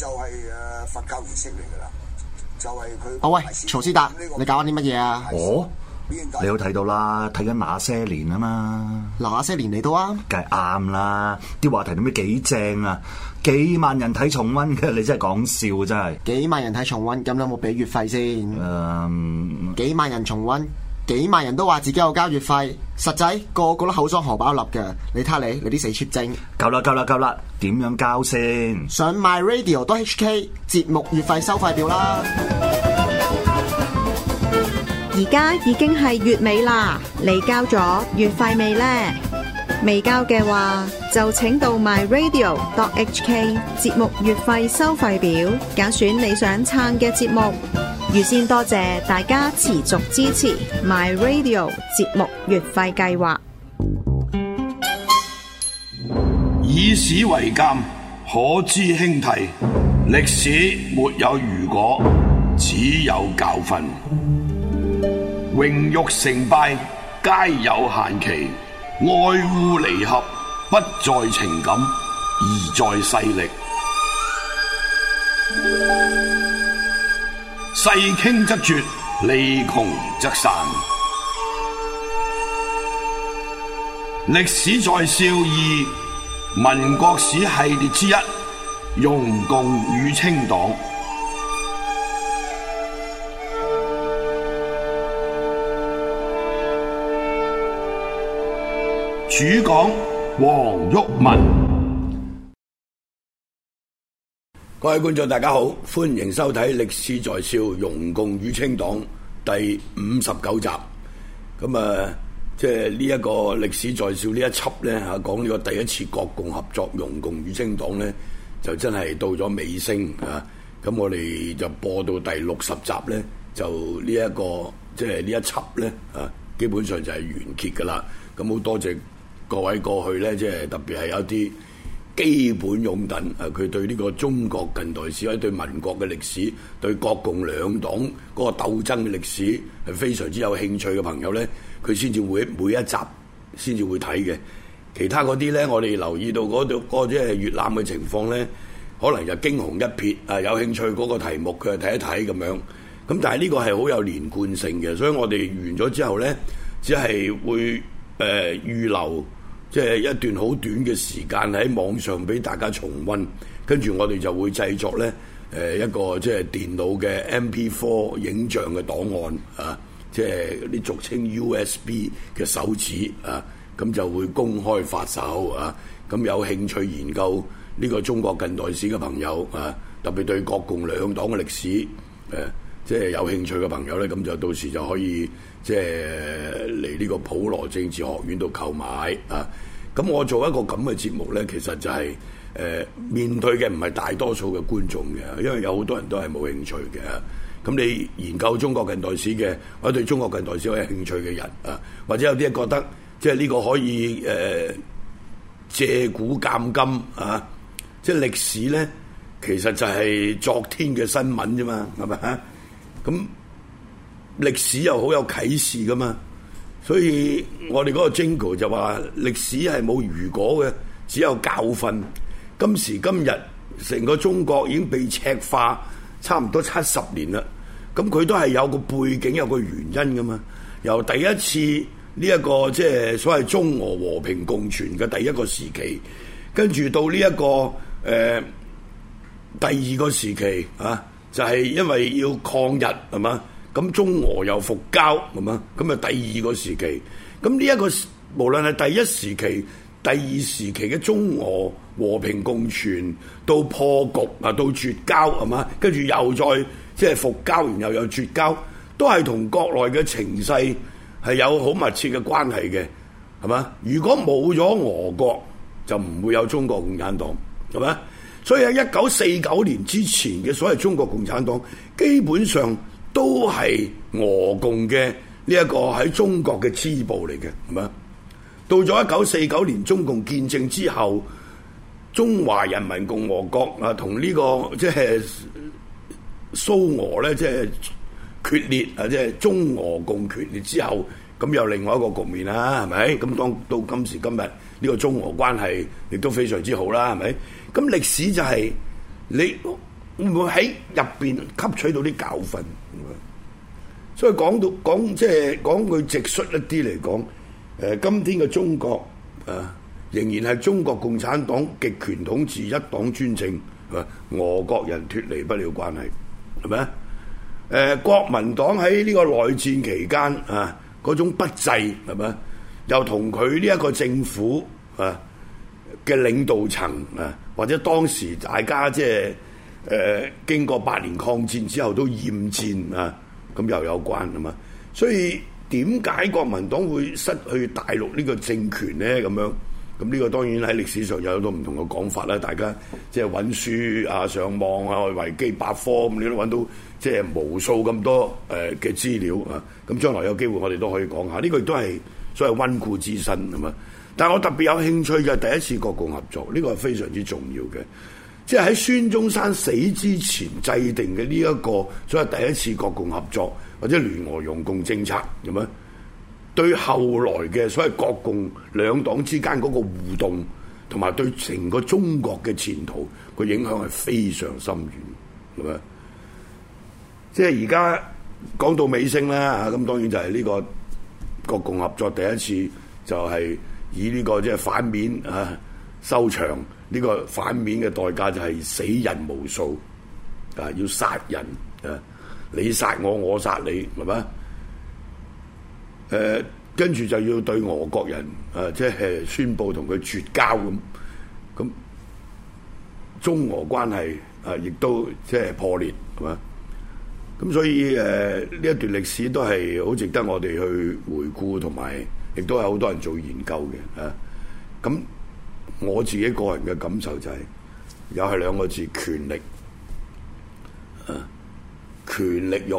就係誒佛教儀式嚟噶啦，就係佢。喂，曹思達，你搞緊啲乜嘢啊？哦，你有睇到啦，睇緊那些年啊嘛。那些年嚟到啊？梗係啱啦，啲話題點咩幾正啊？幾萬人睇重溫嘅，你真係講笑真係。幾萬人睇重溫，咁有冇俾月費先？誒，幾萬人重溫。幾萬人都話自己有交月費，實際個,個個都口裝荷包粒嘅。你睇下你，你啲死 cheap 精！夠啦，夠啦，夠啦！點樣交先？上 myradio.hk 節目月費收費表啦。而家已經係月尾啦，你交咗月費未呢？未交嘅話，就請到 myradio.hk 節目月費收費表，揀選你想撐嘅節目。預先多謝大家持續支持 My Radio 節目月費計劃。以史為鑒，可知興替；歷史沒有如果，只有教訓。榮辱成敗皆有限期，愛烏離合不在情感，而在勢力。世傾則絕，利窮則散。歷史在笑貳，民國史系列之一，容共與清黨。主講：黃毓民。各位觀眾，大家好，歡迎收睇《歷史在笑：容共與清黨》第五十九集。咁啊，即係呢一個《歷史在笑》呢一輯呢，嚇，講呢個第一次國共合作、容共與清黨呢，就真係到咗尾聲啊！咁我哋就播到第六十集呢，就呢一個即係呢一輯呢，啊，基本上就係完結㗎啦。咁好多謝各位過去呢，即係特別係有啲，基本擁躉，佢對呢個中國近代史，或者對民國嘅歷史，對國共兩黨嗰個鬥爭嘅歷史係非常之有興趣嘅朋友呢，佢先至會每一集先至會睇嘅。其他嗰啲呢，我哋留意到嗰度嗰即係閲覽嘅情況呢，可能就驚鴻一瞥啊，有興趣嗰個題目佢係睇一睇咁樣。咁但係呢個係好有連貫性嘅，所以我哋完咗之後呢，只係會誒、呃、預留。即係一段好短嘅時間喺網上俾大家重温，跟住我哋就會製作呢誒一個即係電腦嘅 M P four 影像嘅檔案啊，即係啲俗稱 U S B 嘅手指啊，咁就會公開發售啊。咁有興趣研究呢個中國近代史嘅朋友啊，特別對國共兩黨嘅歷史誒，即係有興趣嘅朋友呢，咁就到時就可以。即係嚟呢個普羅政治學院度購買啊！咁我做一個咁嘅節目咧，其實就係、是、誒、呃、面對嘅唔係大多數嘅觀眾嘅，因為有好多人都係冇興趣嘅。咁你研究中國近代史嘅，或者對中國近代史有興趣嘅人啊，或者有啲人覺得即係呢個可以誒、呃、借古鑑今啊！即係歷史咧，其實就係昨天嘅新聞啫嘛，係咪啊咁。啊嗯歷史又好有啟示噶嘛，所以我哋嗰個 Jingle 就話歷史係冇如果嘅，只有教訓。今時今日，成個中國已經被赤化差唔多七十年啦。咁佢都係有個背景，有個原因噶嘛。由第一次呢一個即係所謂中俄和平共存嘅第一個時期，跟住到呢一個呃第二個時期啊，就係因為要抗日係嘛。咁中俄又復交係嘛，咁啊，咁啊第二個時期，咁呢一個無論係第一時期、第二時期嘅中俄和平共存，到破局啊，到絕交係嘛，跟住又再即係、就是、復交，然後又，又絕交，都係同國內嘅情勢係有好密切嘅關係嘅，係嘛？如果冇咗俄國，就唔會有中國共產黨，係嘛？所以喺一九四九年之前嘅所謂中國共產黨，基本上，都係俄共嘅呢一個喺中國嘅支部嚟嘅，係嘛？到咗1949年中共建政之後，中華人民共和國啊，同呢個即係蘇俄呢，即係決裂啊，即係中俄共決裂之後，噉有另外一個局面啦，係咪？噉到今時今日，呢個中俄關係亦都非常之好啦，係咪？噉歷史就係你。會唔會喺入邊吸取到啲教訓？所以講到講即係講句直率一啲嚟講，誒、呃，今天嘅中國啊，仍然係中國共產黨極權統治一黨專政，啊，俄國人脫離不了關係，係咪啊？誒、呃，國民黨喺呢個內戰期間啊，嗰種不濟，係咪啊？又同佢呢一個政府啊嘅領導層啊，或者當時大家即係。誒，經過八年抗戰之後都厭戰啊，咁又有關啊嘛。所以點解國民黨會失去大陸呢個政權咧？咁樣咁呢個當然喺歷史上有好多唔同嘅講法啦。大家即係揾書啊、上網啊、維基百科咁，你都揾到即係無數咁多誒嘅資料啊。咁將來有機會我哋都可以講下呢個，亦都係所謂溫故知新啊嘛。但係我特別有興趣嘅第一次國共合作，呢個係非常之重要嘅。即係喺孫中山死之前制定嘅呢一個，所謂第一次國共合作或者聯俄容共政策，有咩？對後來嘅所謂國共兩黨之間嗰個互動，同埋對成個中國嘅前途個影響係非常深遠，咁啊！即係而家講到尾聲啦，嚇咁當然就係呢個國共合作第一次，就係以呢個即係反面嚇。啊收場呢個反面嘅代價就係死人無數，啊要殺人啊，你殺我我殺你，係咪？誒跟住就要對俄國人啊，即係宣佈同佢絕交咁，咁中俄關係啊，亦都即係破裂，係咪？咁所以誒呢一段歷史都係好值得我哋去回顧，同埋亦都係好多人做研究嘅啊，咁。我自己個人嘅感受就係、是，又係兩個字權力，啊，權力欲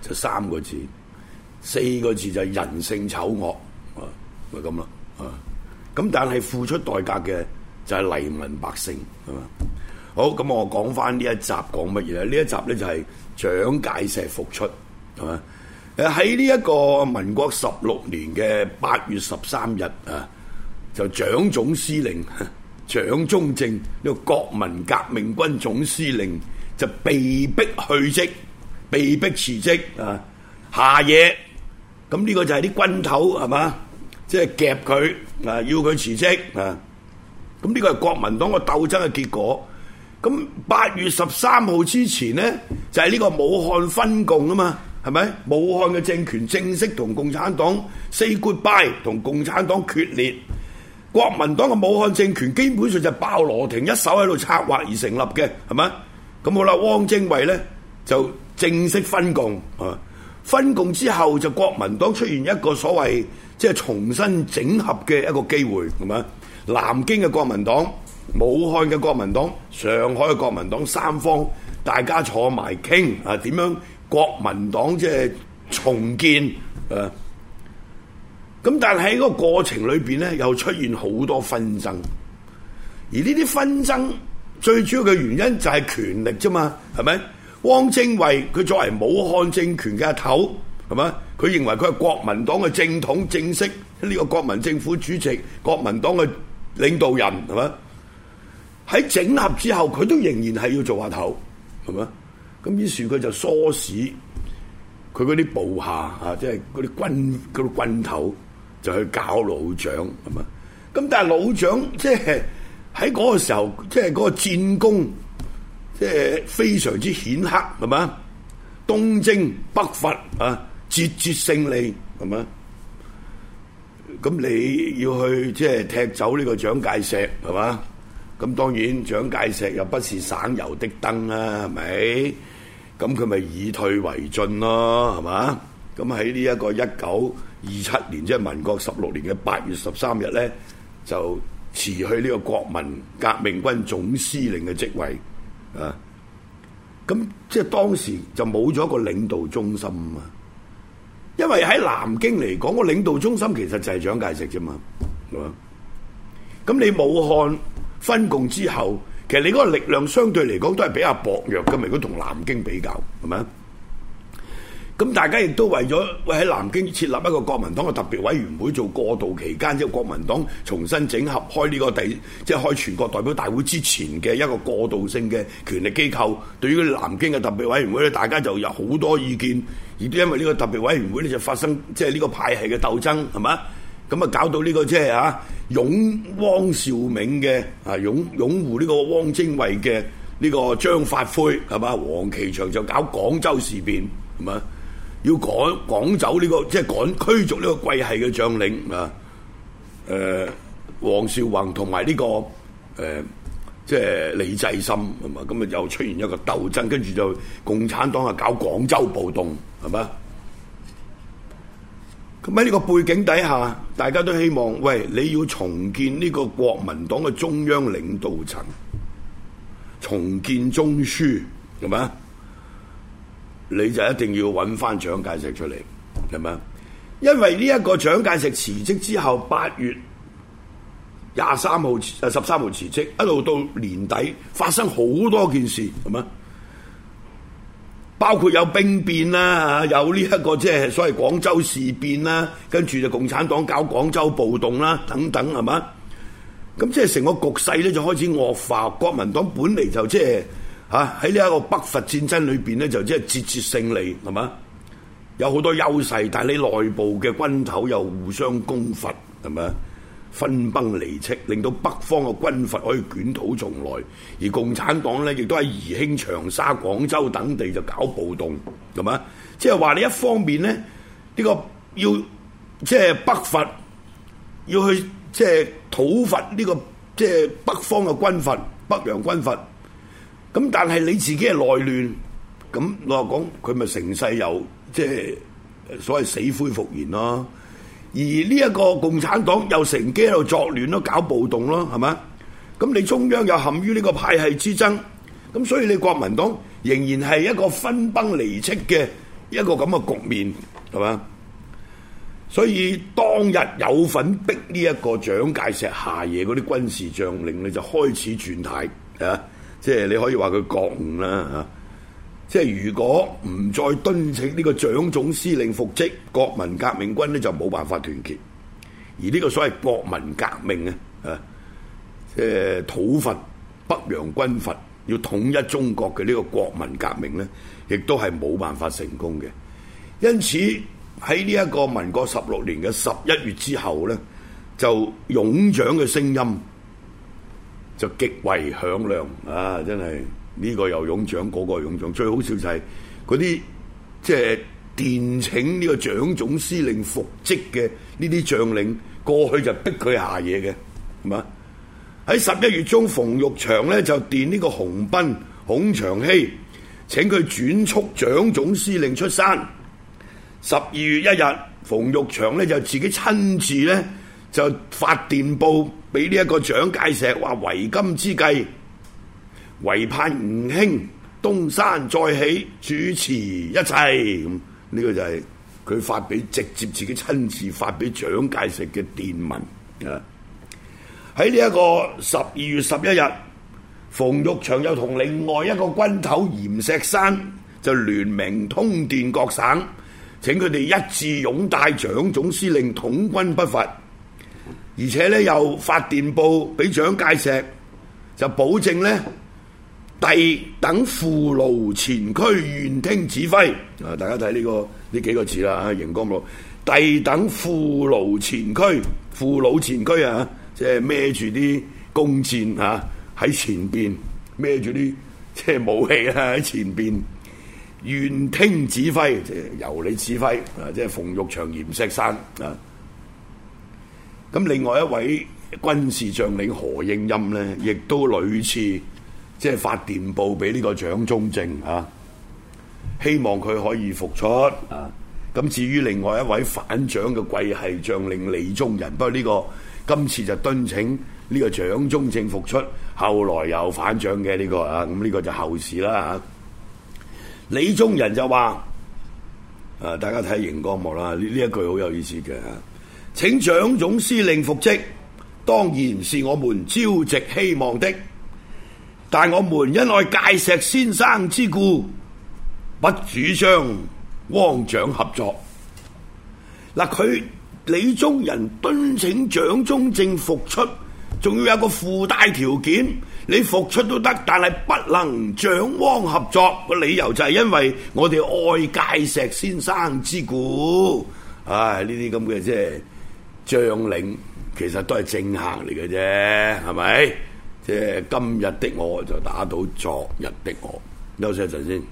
就三個字，四個字就係人性醜惡啊，咪咁咯，啊，咁、啊、但係付出代價嘅就係黎民百姓係嘛，好咁、嗯、我講翻呢一集講乜嘢咧？呢一集咧就係蔣介石復出係嘛，誒喺呢一個民國十六年嘅八月十三日啊。就蔣總司令、蔣中正呢、這個國民革命軍總司令就被逼去職、被逼辭職啊，下野。咁呢個就係啲軍頭係嘛，即係夾佢啊，要佢辭職啊。咁呢個係國民黨個鬥爭嘅結果。咁八月十三號之前呢，就係、是、呢個武漢分共啊嘛，係咪？武漢嘅政權正式同共產黨 say goodbye，同共產黨決裂。國民黨嘅武漢政權基本上就鮑羅廷一手喺度策劃而成立嘅，係咪？咁好啦，汪精衛呢就正式分共啊！分共之後就國民黨出現一個所謂即係、就是、重新整合嘅一個機會，係咪？南京嘅國民黨、武漢嘅國民黨、上海嘅國民黨三方大家坐埋傾啊，點樣國民黨即係重建、啊咁但係喺個過程裏邊咧，又出現好多紛爭，而呢啲紛爭最主要嘅原因就係權力啫嘛，係咪？汪精衛佢作為武漢政權嘅阿頭，係咪？佢認為佢係國民黨嘅正統、正式呢個國民政府主席、國民黨嘅領導人，係咪？喺整合之後，佢都仍然係要做阿頭，係咪？咁於是佢就唆使佢嗰啲部下啊，即係嗰啲軍、嗰啲軍頭。就去搞老蔣係嘛？咁但係老蔣即係喺嗰個時候，即係嗰個戰功，即係非常之顯赫，係嘛？東征北伐啊，節節勝利，係嘛？咁你要去即係踢走呢個蔣介石，係嘛？咁當然，蔣介石又不是省油的燈啦，係咪？咁佢咪以退為進咯，係嘛？咁喺呢一個一九二七年即係民國十六年嘅八月十三日咧，就辭去呢個國民革命軍總司令嘅職位啊！咁即係當時就冇咗個領導中心啊！因為喺南京嚟講，個領導中心其實就係蔣介石啫嘛，係嘛。咁你武漢分共之後，其實你嗰個力量相對嚟講都係比較薄弱嘅，如果同南京比較，係咪啊？咁大家亦都為咗喺南京設立一個國民黨嘅特別委員會做過渡期間，即係國民黨重新整合開呢個第，即係開全國代表大會之前嘅一個過渡性嘅權力機構。對於南京嘅特別委員會咧，大家就有好多意見，亦都因為呢個特別委員會咧就發生即係呢個派系嘅鬥爭，係嘛？咁啊搞到呢個即係啊擁汪兆銘嘅啊擁擁護呢個汪精衛嘅呢個張發奎係嘛？黃琪翔就搞廣州事變，係嘛？要趕趕走呢、這個，即係趕驅逐呢個貴系嘅將領啊！誒、呃，黃少宏同埋呢個誒、呃，即係李濟深，係嘛？咁啊，又出現一個鬥爭，跟住就共產黨啊搞廣州暴動，係嘛？咁喺呢個背景底下，大家都希望，喂，你要重建呢個國民黨嘅中央領導層，重建中樞，係嘛？你就一定要揾翻蔣介石出嚟，係咪？因為呢一個蔣介石辭職之後，八月廿三號誒十三號辭職，一路到年底發生好多件事，係咪？包括有兵變啦，有呢一個即係所謂廣州事變啦，跟住就共產黨搞廣州暴動啦，等等，係嘛？咁即係成個局勢咧，就開始惡化。國民黨本嚟就即係。吓，喺呢一個北伐戰爭裏邊咧，就即係節節勝利，係嘛？有好多優勢，但係你內部嘅軍頭又互相攻伐，係嘛？分崩離析，令到北方嘅軍閥可以捲土重來，而共產黨咧亦都喺宜興、長沙、廣州等地就搞暴動，係嘛？即係話你一方面咧，呢、這個要即係、就是、北伐，要去即係討伐呢、這個即係、就是、北方嘅軍閥，北洋軍閥。咁但係你自己係內亂，咁我講講佢咪成世又即係所謂死灰復燃咯，而呢一個共產黨又乘機喺度作亂咯，搞暴動咯，係咪？咁你中央又陷於呢個派系之爭，咁所以你國民黨仍然係一個分崩離析嘅一個咁嘅局面，係嘛？所以當日有份逼呢一個蔣介石下野嗰啲軍事將領，你就開始轉態啊！即係你可以話佢覺悟啦嚇！即係如果唔再敦請呢個蔣總司令復職，國民革命軍咧就冇辦法團結，而呢個所謂國民革命咧，誒，即係討伐北洋軍閥、要統一中國嘅呢個國民革命咧，亦都係冇辦法成功嘅。因此喺呢一個民國十六年嘅十一月之後咧，就擁蔣嘅聲音。就極為響亮啊！真係呢、這個又擁蔣，嗰、那個擁蔣。最好笑就係嗰啲即係電請呢個蔣總司令復職嘅呢啲將領，過去就逼佢下野嘅，係嘛？喺十一月中，馮玉祥呢就電呢個熊斌、孔祥熙，請佢轉速蔣總司令出山。十二月一日，馮玉祥呢就自己親自呢就發電報。俾呢一個蔣介石話：為今之計，唯盼吳兄東山再起，主持一切。呢、嗯，這個就係佢發俾，直接自己親自發俾蔣介石嘅電文。啊！喺呢一個十二月十一日，馮玉祥又同另外一個軍頭閻錫山就聯名通電各省，請佢哋一致擁戴蔣總司令統軍北伐。而且咧又發電報俾蔣介石，就保證咧，弟等負弩前驅願聽指揮，這個。啊，大家睇呢個呢幾個字啦，啊，熒光幕，弟等負弩前驅，負弩前驅啊，即係孭住啲弓箭啊，喺前邊孭住啲即係武器啊，喺前邊，願聽指揮，即、就、係、是、由你指揮。啊，即係馮玉祥、閻錫山啊。咁另外一位軍事將領何應欽呢，亦都屢次即係發電報俾呢個蔣中正啊，希望佢可以復出。咁至於另外一位反蔣嘅桂系將領李宗仁，不過呢個今次就敦請呢個蔣中正復出，後來又反蔣嘅呢個啊，咁呢個就後事啦、啊、李宗仁就話、啊：，大家睇熒光幕啦，呢呢一句好有意思嘅。請蔣總司令復職，當然是我們朝夕希望的。但我們因愛介石先生之故，不主張汪蔣合作。嗱，佢李宗仁敦請蔣中正復出，仲要有一個附帶條件，你復出都得，但係不能蔣汪合作。個理由就係因為我哋愛介石先生之故。唉，呢啲咁嘅啫。將領其實都係政客嚟嘅啫，係咪？即係今日的我就打倒昨日的我，休息一陣先。